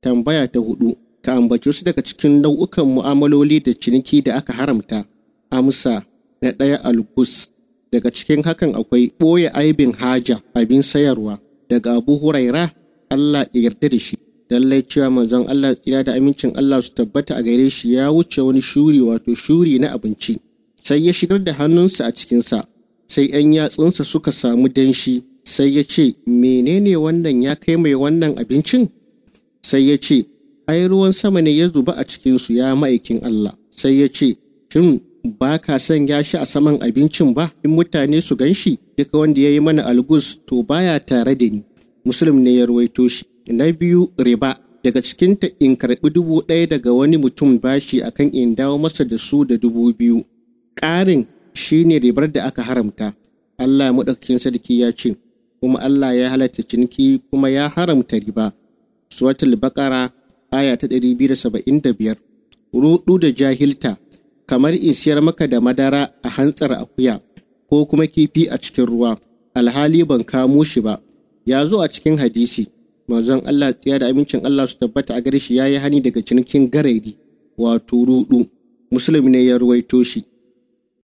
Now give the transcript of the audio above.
Tambaya ta hudu, ka ambaci wasu daga cikin nau'ukan mu'amaloli da ciniki da aka haramta. Amsa na ɗaya alkus Daga cikin hakan akwai ɓoye aibin haja abin sayarwa daga Abu Huraira Allah ya yarda da shi. Lallai cewa manzon Allah tsira da amincin Allah su tabbata a gare shi ya wuce wani shuri wato shuri na abinci. Sai ya shigar da hannunsa a cikinsa, sai 'yan yatsunsa suka samu danshi sai ya ce menene wannan ya kai mai wannan abincin sai ya ce ai ruwan sama ne ya zuba a cikinsu ya ma'aikin Allah sai ya ce shin ba ka ya shi a saman abincin ba in mutane su gan shi duka wanda ya yi mana algus to baya tare da ni Musulm ne ya ruwaito shi na biyu riba daga cikinta in karɓi dubu ɗaya daga wani mutum bashi akan in dawo masa da su da dubu biyu ƙarin shi ne ribar da aka haramta Allah maɗaukakin sarki ya ce kuma Allah ya halatta ciniki kuma ya haramta riba suratul baqara aya ta 275 rudu da da biyar, ruɗu jahilta kamar in siyar maka da madara a hantsar akuya ko kuma kifi a cikin ruwa alhali ban kamo shi ba ya zo a cikin hadisi manzon Allah tsaya da amincin Allah su tabbata a gare shi yayi hani daga cinikin garaidi wato ruɗu. muslim ne ya ruwaito shi